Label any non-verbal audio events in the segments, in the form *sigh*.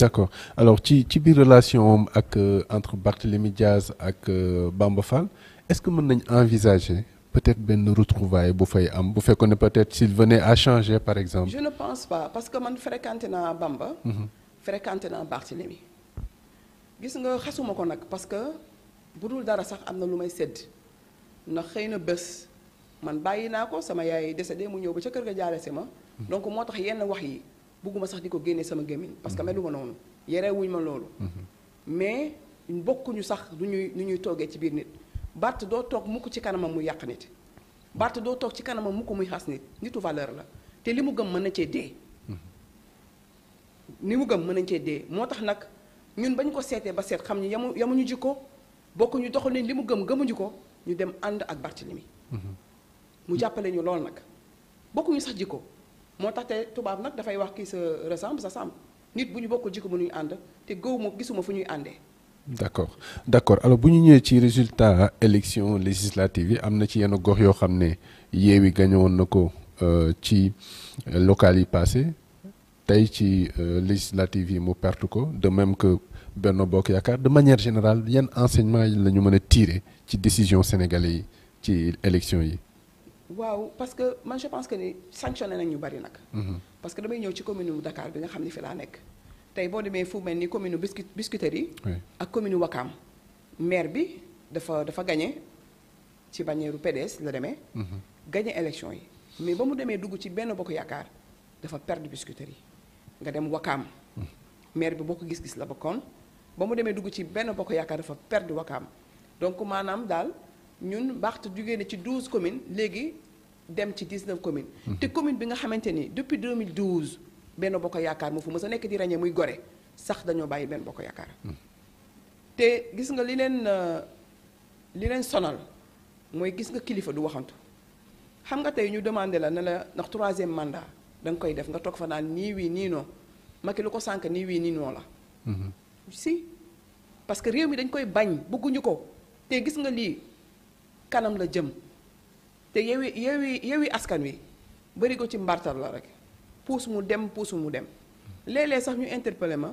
d'accord alors ci ci biir relation ak euh, entre Barthélémy Diaz ak euh, Bamba Fall est-ce que mën nañ envisager peut-être benn retrouvaille bu fay am bu fekkoon ne peut-être s'il venait à changer par exemple. je ne pense pas parce que man fréquenté naa Bamba. Mhm. fréquenté naa Barthélémy. gis nga xasuma ko nag parce que bu dul dara sax am na lu may sedd ndax xëy na bés man bàyyi naa ko sama yaay décédé mu ñëw ba ca kër ga jaale si ma. Mhm. donc moo tax yenn wax yi. bugguma sax di ko génnee sama gémmiñ parce que mhm. meluma noonu yarewuñ ma loolu mhm. mais bokkuñu sax du ñuy nu ñuy toogee ci biir nit Bart doo toog mukk ci kanamam mu yàq nit Bart doo toog ci kanamam mukk muy xas nit nitu valeur la te li mu gëm mën na cee dee mhm. ni mu gëm mën nañ cee dee moo tax nag ñun bañ ko seetee ba seet xam ni yamu yamuñu jikko bokkuñu doxalin li mu gëm gëmuñu ko ñu dem ànd ak Barthélemy mu jàppale ñu lool nag bokkuñu sax jikko moo tax te tubaab nag dafay wax kii sa ressemble sa sàmm nit bu ñu bokk bokkul jikko mënuñu ànd te ma gisuma fu ñuy àndee. d' accord d' accord alors bu ñu ñëwee ci résultat élection législative yi am na ci yenn gox yoo xam ne Yewwi gañe woon na ko euh, ci euh, local yi passé tey ci euh, législative yi mu perte ko de même que Benno Bokk Yaakaar de manière générale yan enseignement yi la ñu mën a tirer ci décision sénégalais yi ci élection yi. waaw parce que man je pense que ni sanctionné nañ ñu bari nag. Mhm. parce que damay ñëw ci commune wu Dakar bi nga xam ni fi laa nekk. tey boo demee fu mel ni commune nu biscuit biscuiterie ak commune nu Wakaam maire bi dafa dafa gagné ci bannièru PDS la demee. Mhm. gagné élection yi mais ba mu demee dugg ci benn bokk yaakaar dafa perdre biscuiterie yi nga dem Wakaam. Mhm. maire bi boo ko gis-gis la bokkoon ba mu demee dugg ci benn bokk yaakaar dafa perdre Wakaam donc maanaam daal. ñun Barth jugee na ci 12 commune léegi dem ci 19 commune mhm. te commune bi nga xamante ni depuis deux 2012 benn bokk yaakaar moo fa mës sa nekk di ràññee muy gore sax dañoo bàyyi benn bokk yaakaar. Mhm. te gis nga li leen li leen sonal mooy gis nga kilifa du waxantu xam nga tey ñu demandé la ne la ndax troisième mandat da koy def nga toog fa naan nii wii nii non Macky lu ko sànq nii wii nii non la. Mhm. si parce que réew mi dañ koy bañ bëgguñu ko te gis nga lii. kanam la jëm te Yewwi Yewwi Yewwi Askan Wi bëri ko ci mbartal la rek puus mu dem puus mu dem léeg-léeg sax ñu interpellé ma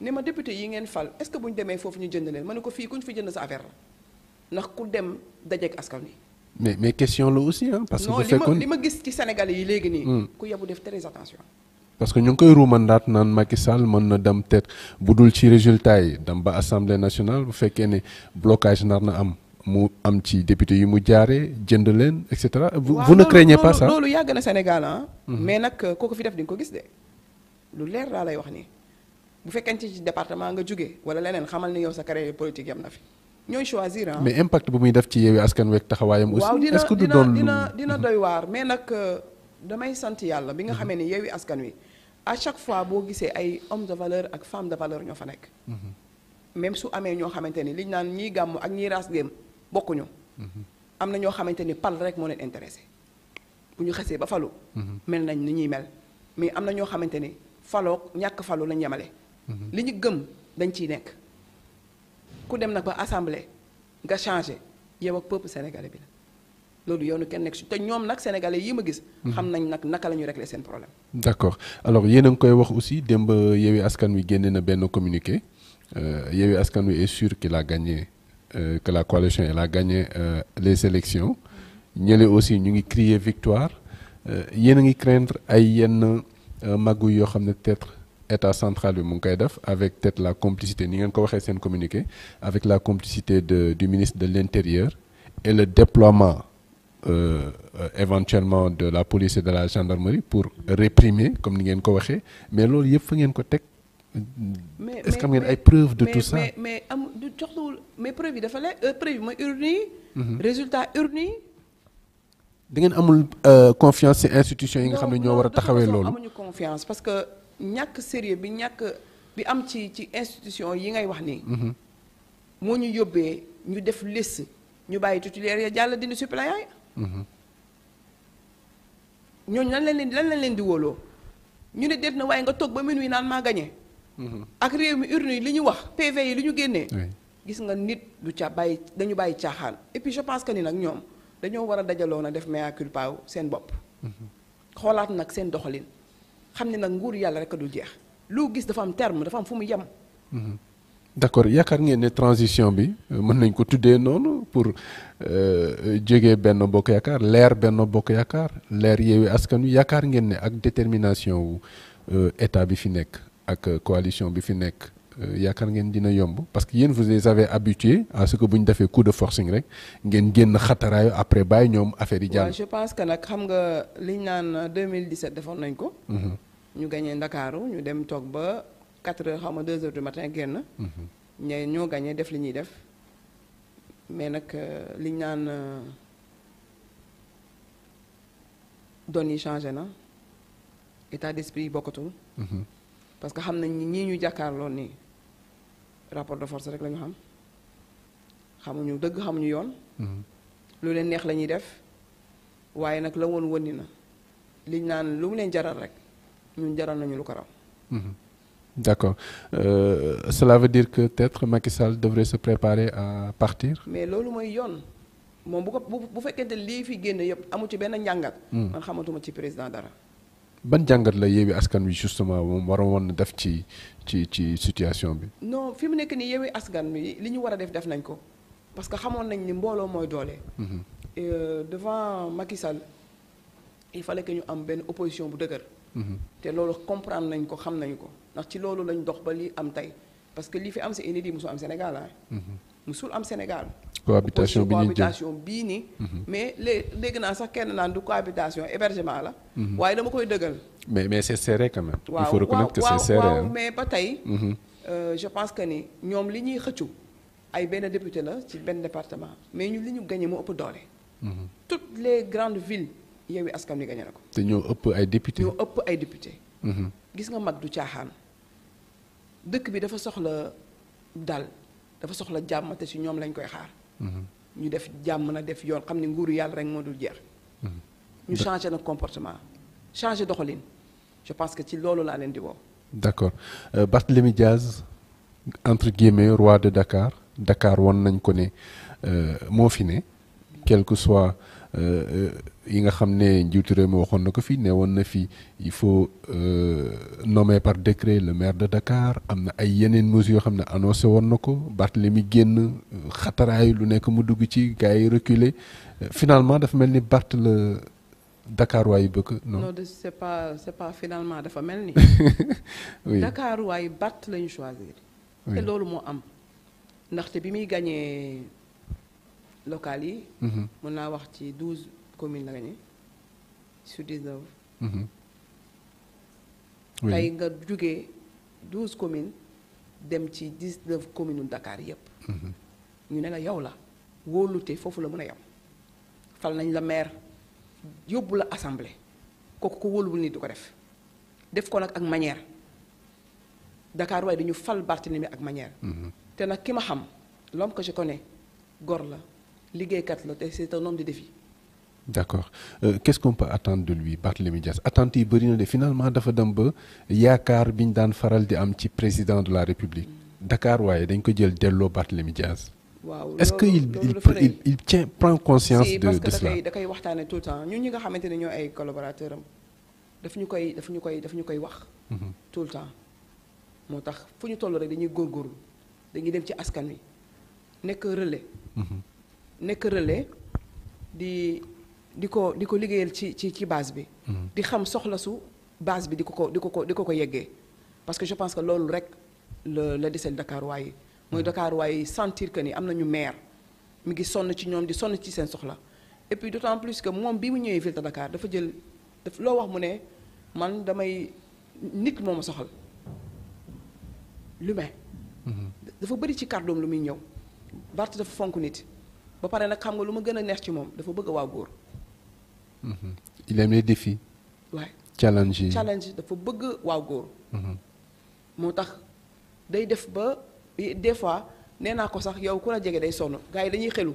ne ma député yi ngeen fal est-ce que bu ñu demee foofu ñu jënd leen ma ne ko fii ku ñu fi jënd sa affaire la ndax ku dem dajeek askan wi. mais mais question la aussi ah. parce que bu fekkoon non li ma gis ci Sénégalais yi léegi nii. Hmm. ku yebu def très attention. parce que ñu ngi koy ruumandaat naan Macky Sall mën na dem tête bu dul ci résultat dem ba assemblée nationale bu fekkee ne blocage nar na am. mu am ci député yu mu jaaree jënd leen et cetera. vous ne craignez pas ça loolu yàgg na Sénégal ah. mhm. mais nag euh, koo fi def di ko gis de lu leer laa lay wax nii bu fekkente ci département nga jóge wala leneen xamal ni yow sa carrière politique yam na fi ñooy choisir ah. mais impact bu muy def ci Yewwi Askan Wi ak taxawaayam. aussi est-ce que du doon dina mhm. dina doy waar mais nag euh, damay sant yàlla bi nga mhm. xamee ni Yewwi Askan Wi à chaque fois boo gisee ay hommes de valeur ak femmes de valeur ñoo fa nekk. même su amee ñoo bokkuñu. am na ñoo xamante ni pal rek moo leen intéressé bu ñu xasee ba falu. mel nañ ni ñuy mel mais am na ñoo xamante ni falook ñàkk falu lañ yemale. li ñu gëm dañ ciy nekk ku dem nag ba assemblée nga changé yow ak peuple sénégalais bi la loolu yoonu kenn nekk si te ñoom nag sénégale yi ma gis. xam nañ nag naka la ñu réglé seen problème. d' accord alors yéen a ngi koy wax aussi démb Yewwi Askan Wi génne na benn communiqué euh, Yewwi Askan Wi est sûr qu'il a euh, que la coalition elle a gagné euh, les élections ñële aussi ñu ngi crier victoire euh, yéen a ngi craindre ay yenn euh, magouille yoo xam ne peut-être état central bi mu ngi koy def avec peut la complicité ni ngeen ko waxee seen communiqué avec la complicité de du ministre de l'intérieur et le déploiement Euh, euh, éventuellement de la police et de la gendarmerie pour réprimer comme ni ngeen ko waxee mais loolu yëpp fa ngeen ko teg est-ce que am ngeen ay preuves de mais, tout ça joxluwul mais preuve yi dafa la euh, preuve ma mooy urne yi mhm. résultat urne yi di ngeen amul euh, confiance ci institution yi nga xam ne ñoo war a taxawee loolu amuñu confiance parce que ñàkk sérieux bi ñàkk bi am ci ci institution yi ngay wax nii mhm. moo ñu yóbbee ñu def list ñu bàyyi titulaire ya jàll dindi suppléant ya mhm. ñooñu lan lañ leen lan lañ leen di wooloo ñu ne déet na waaye nga toog ba minuit naan maa gañe ak réew mi urne yi li ñu wax PV yi li ñu génnee gis nga nit du ca bàyyi dañu bàyyi caaxaan et puis je pense que ni nag ñoom dañoo war a dajaloo nag def mea culpa seen bopp. Mhm. xoolaat nag seen doxalin xam ne nag nguur yàlla rek a dul jeex lu gis dafa am terme dafa am fu mu yem. Mhm. d'accord yaakaar ngeen ne transition bi euh, mën nañ ko tuddee noonu pour euh, jege benn bokk yaakaar leer benn bokk yaakaar leer yeewi askan wi yaakaar ngeen ne ak détermination wu euh, état bi fi nekk ak coalition bi fi nekk. Euh, yaakaar ngeen dina yomb parce que yéen vous les avez habitués à ce que bu ñu defee coup de forcing rek ngeen génn xataraayu après bàyyi ñoom affaire yi jàll. waaw je pense que nag xam nga li ñu naan 2017 defoon nañ ko. Mhm. ñu gagné Ndakaaru ñu dem toog ba 4 heures xaw ma 2 heures du matin génn. Mhm. ñe ñoo gagné def li ñuy def mais nag euh, li ñu naan euh, donne yi changé na état d'esprit yi bokkatul. Mhm. parce que xam nañ ñii ñu jàkkaarloo nii. rapport de force rek lañu ñu xam xamuñu dëgg xamuñu yoon. Mhm. lu leen neex lañuy def waaye nag la woon wëndi na liñ naan lu mu leen jaral rek ñun jaral nañu lu ko raw. Mhm. d'accord euh, cela veut dire que peut-être Macky Sall devrait se préparer à partir. mais loolu mooy yoon moom bu ko bu fekkente lii fi génn yëpp amu ci benn njàngat. Mhm. man xamatuma ci président dara. ban jàngat la Yewwi Askan Wi justement moom war a woon def ci ci ci situation bi. non fi mu nekk nii Yewwi Askan Wi li ñu war a def def nañ ko parce que xamoon nañ ni mbooloo mooy doole. Mhm. Euh, devant Macky Sall il fallait que ñu am benn opposition bu dëgër. Mhm. te loolu comprendre nañ ko xam nañ ko ndax ci loolu lañ dox ba li am tey parce que lii fi am si inédit musul am Sénégal ah. musul am Sénégal. cohabitation bi cohabitation bii nii mhm. mais léegi naa sax kenn naan du cohabitation hébergement la mhm. waaye dama koy dëggal mais mais c'est serré quand même waaw il waaw mais ba tey mhm. euh, je pense que ni ñoom li ñuy xëccu ay benn député la ci benn département mais ñu li ñu gagné moo ëpp doole toutes les grandes villes yi Askan Wi gagné na ko te ñoo ëpp ay député ñoo ëpp ay député gis nga mag du caaxaan dëkk bi dafa soxla dal dafa soxla jàmmate te ci ñoom lañ koy xaar ñu def jàmm na def yoon xam ne nguuru yàlla rek moo dul jeex. ñu changé na comportement changé doxalin je pense que ci loolu laa leen di woo. d' accord euh, Barthélémy Diaz entre guillemets roi de Dakar Dakar won nañ ko ne euh, moo fi ne quel soit. yi nga xam ne njiitu réew mi waxoon na ko fii ne woon na fii il faut euh, nommer par décret le maire de Dakar am na ay yeneen mesures yoo xam ne annoncé woon na ko Barthélemy génn euh, xataraay lu nekk mu dugg ci gars yi reculer euh, finalement dafa mel ni Barth la Dakar waayu bëgg non non c'est pas c'est pas finalement dafa mel ni. *laughs* lañu choisir. te loolu moo am ndaxte bi muy gagné. locales yi. Mhm. mën naa wax ci douze communes la gagné sur dix-neuf. Mhm. tey nga jóge douze communes dem ci dix commune communes Dakar yépp mhm. ñu ne la yow la wóolute foofu la mën a yam fal nañ la maire yóbbu la assemblée kooku ko wóoluwul nii du ko def def ko nag ak manière dakaar waaye dañu fal Barthélemy ak manière. te nag ki ma xam l'homme que je gor la liggéeykat la te c'est un di de défi. d'accord euh, qu'est-ce qu'on peut attendre de lui Barthélémy Dias attentes yi bëri na de finalement dafa dem ba yaakaar bi ñu daan faral di am ci président de la République. Dakar waaye dañ ko jël delloo Barthélémy Dias. waaw est-ce que il il il, il tient da koy waxtaane tout le temps ñun ñi ne ñoo ay collaborateurs am daf ñu koy daf ñu koy daf ñu koy wax. Mhm. tout le temps moo tax fu ñu toll rek dañuy góorgóorlu dañuy dem ci askan wi nekk relais. Mhm. nekk relais di di ko di ko liggéeyal ci ci ci base bi. Mhm. di xam soxla su base bi di ko ko di ko ko di ko ko yeggee parce que je pense que loolu rek la la deseel Dakar waaye mooy mhm. Dakar waaye sentir que ni am na ñu maire mu ngi sonn ci ñoom di sonn ci seen soxla et puis d' autant plus que moom bi mu ñëwee ville de Dakar dafa jël loo wax mu ne man damay nit moo ma soxal l'humain mhm. dafa bëri ci kàddoom lu muy ñëw Barth dafa fonk nit. ba pare nag xam nga lu ma gën a neex ci moom dafa bëgg waa góor. Mhm. il aime les défis. waay challenge challenge dafa bëgg waa góor. Mhm. moo tax day def ba des fois nee naa ko sax yow ku la jege day sonn gars yi dañuy xelu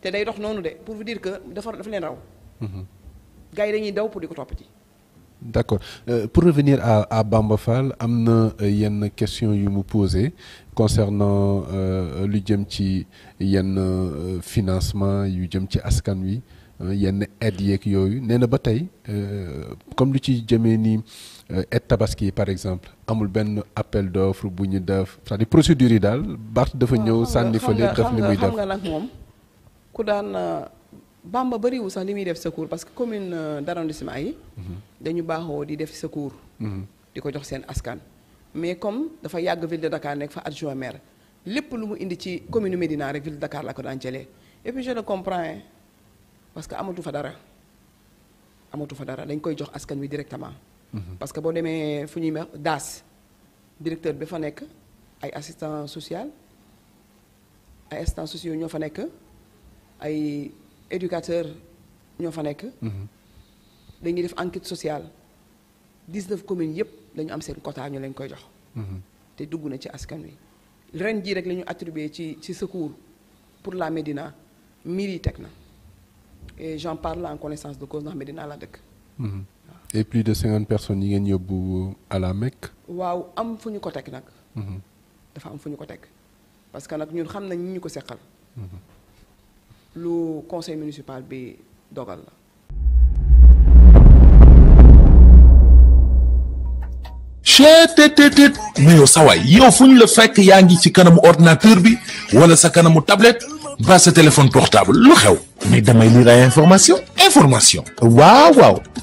te day dox noonu de pour vous dire que defar dafa leen raw. Mhm. gars dañuy daw pour di ko topp ci. d' euh, pour revenir à à Bamba fal am na euh, yenn question yu mu posé concernant euh, lu jëm ci yenn financement yu jëm ci askan wi yenn aide yeeg yooyu nee na ba tey comme lu ci jëmee ni aide tabaski par exemple amul benn appel d' bu ñu def cest à procédure yi daal Bart dafa ñëw sànni fële def li muy def moom Bamba bëriwul sax li muy def sa secours parce que commune euh, d'arrondissement yi. Mhm. dañu baaxoo di def sa cour mhm. di ko jox seen askan. mais comme dafa yàgg ville de Dakar nekk fa adjoint maire lépp lu mu indi ci commune Médina rek ville de Dakar la ko daan jëlee et puis je comprends parce que amatu fa dara amatu fa dara dañ koy jox askan wi directement. Mhm. parce que boo demee fu ñuy daas directeur bi fa nekk ay assistant social ay assistants sociaux ñoo fa nekk ay. éducateur ñoo fa nekk. Mhm. dañuy def enquête sociale dix-neuf communes yëpp dañu am seen quota ñu leen koy jox. Mhm. te dugg na ci askan wi. ren jii rek lañu attribuer ci ci secours pour la Médina mille yi teg na et j'en parle en connaissance de cause ndax Médina la dëkk. Mhm. et plus de cinquante personnes yi ngeen yóbbu à la Mecque. waaw am fu ñu ko teg nag. dafa am fu ñu ko teg parce que nag ñun xam nañ ñu ko seqal. lu conseil municipal bi dogal la. chetttt mais yow sawaay yow fu la fekk yaa ngi ci kanamu ordinateur bi wala sa kanamu tablette ba sa téléphone portable lu xew mais damay lire ay information waaw waaw